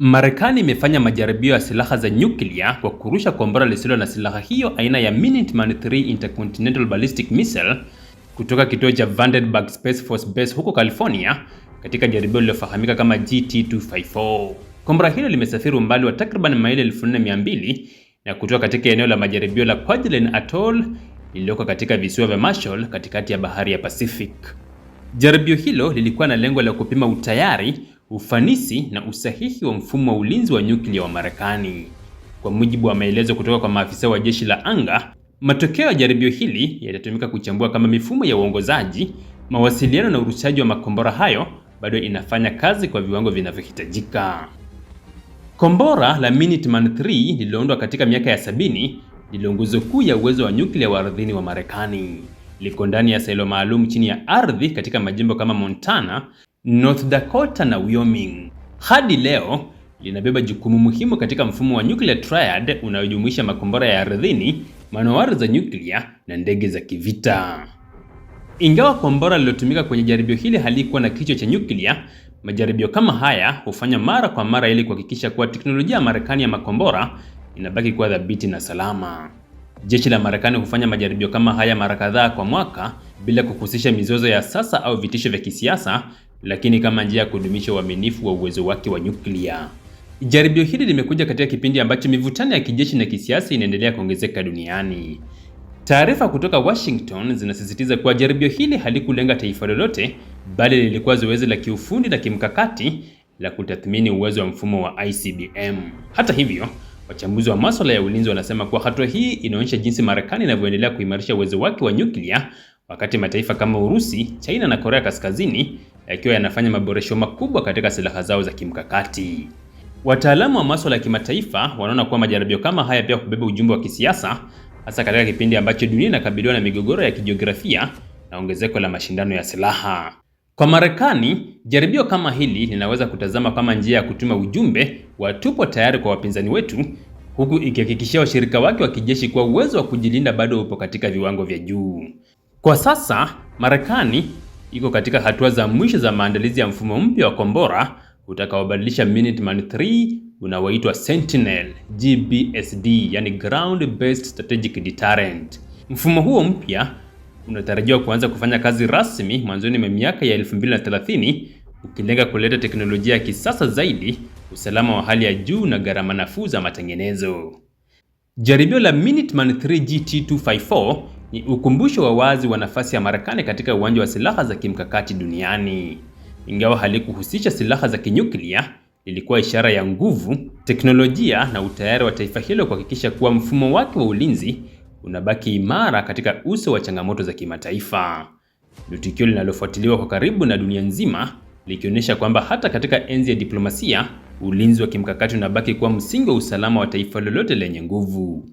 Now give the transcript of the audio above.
Marekani imefanya majaribio ya silaha za nyuklia kwa kurusha kombora lisilo na silaha hiyo aina ya Minuteman 3 Intercontinental Ballistic Missile kutoka kituo cha Vandenberg Space Force Base huko California katika jaribio lililofahamika kama GT254. Kombora hilo limesafiri umbali wa takriban maili 4200 na kutoka katika eneo la majaribio la Kwajalein Atoll lililoko katika visiwa vya Marshall katikati ya bahari ya Pacific. Jaribio hilo lilikuwa na lengo la kupima utayari ufanisi na usahihi wa mfumo wa ulinzi wa nyuklia wa Marekani. Kwa mujibu wa maelezo kutoka kwa maafisa wa jeshi la anga, matokeo ya jaribio hili yatatumika kuchambua kama mifumo ya uongozaji, mawasiliano na urushaji wa makombora hayo bado inafanya kazi kwa viwango vinavyohitajika. Kombora la Minuteman 3 lililoundwa katika miaka ya sabini ndilo nguzo kuu ya uwezo wa nyuklia wa ardhini wa Marekani. Liko ndani ya selo maalum chini ya ardhi katika majimbo kama Montana North Dakota na Wyoming. Hadi leo linabeba jukumu muhimu katika mfumo wa nuclear triad unayojumuisha makombora ya ardhini, manowari za nyuklia na ndege za kivita. Ingawa kombora lililotumika kwenye jaribio hili halikuwa na kichwa cha nyuklia, majaribio kama haya hufanywa mara kwa mara ili kuhakikisha kuwa teknolojia ya Marekani ya makombora inabaki kuwa dhabiti na salama. Jeshi la Marekani hufanya majaribio kama haya mara kadhaa kwa mwaka bila kuhusisha mizozo ya sasa au vitisho vya kisiasa lakini kama njia ya kudumisha uaminifu wa uwezo wake wa nyuklia. Jaribio hili limekuja katika kipindi ambacho mivutano ya kijeshi na kisiasa inaendelea kuongezeka duniani. Taarifa kutoka Washington zinasisitiza kuwa jaribio hili halikulenga taifa lolote, bali lilikuwa zoezi la kiufundi na kimkakati la kutathmini uwezo wa mfumo wa ICBM. Hata hivyo, wachambuzi wa masuala ya ulinzi wanasema kuwa hatua hii inaonyesha jinsi Marekani inavyoendelea kuimarisha uwezo wake wa nyuklia, wakati mataifa kama Urusi, China na Korea Kaskazini yakiwa yanafanya maboresho makubwa katika silaha zao za kimkakati. Wataalamu wa masuala ya kimataifa wanaona kuwa majaribio kama haya pia kubeba ujumbe wa kisiasa, hasa katika kipindi ambacho dunia inakabiliwa na migogoro ya kijiografia na ongezeko la mashindano ya silaha. Kwa Marekani, jaribio kama hili linaweza kutazama kama njia ya kutuma ujumbe wa tupo tayari kwa wapinzani wetu, huku ikihakikishia washirika wake wa kijeshi kuwa uwezo wa kujilinda bado upo katika viwango vya juu. Kwa sasa, Marekani iko katika hatua za mwisho za maandalizi ya mfumo mpya wa kombora utakaobadilisha Minuteman 3 unaoitwa Sentinel GBSD, yani Ground Based Strategic Deterrent. Mfumo huo mpya unatarajiwa kuanza kufanya kazi rasmi mwanzoni mwa miaka ya 2030 ukilenga kuleta teknolojia ya kisasa zaidi, usalama wa hali ya juu na gharama nafuu za matengenezo. Jaribio la Minuteman 3 GT254 ni ukumbusho wa wazi wa nafasi ya Marekani katika uwanja wa silaha za kimkakati duniani. Ingawa halikuhusisha silaha za kinyuklia, lilikuwa ishara ya nguvu, teknolojia na utayari wa taifa hilo kuhakikisha kuwa mfumo wake wa ulinzi unabaki imara katika uso wa changamoto za kimataifa. Ni tukio linalofuatiliwa kwa karibu na dunia nzima, likionyesha kwamba hata katika enzi ya diplomasia, ulinzi wa kimkakati unabaki kuwa msingi wa usalama wa taifa lolote lenye nguvu.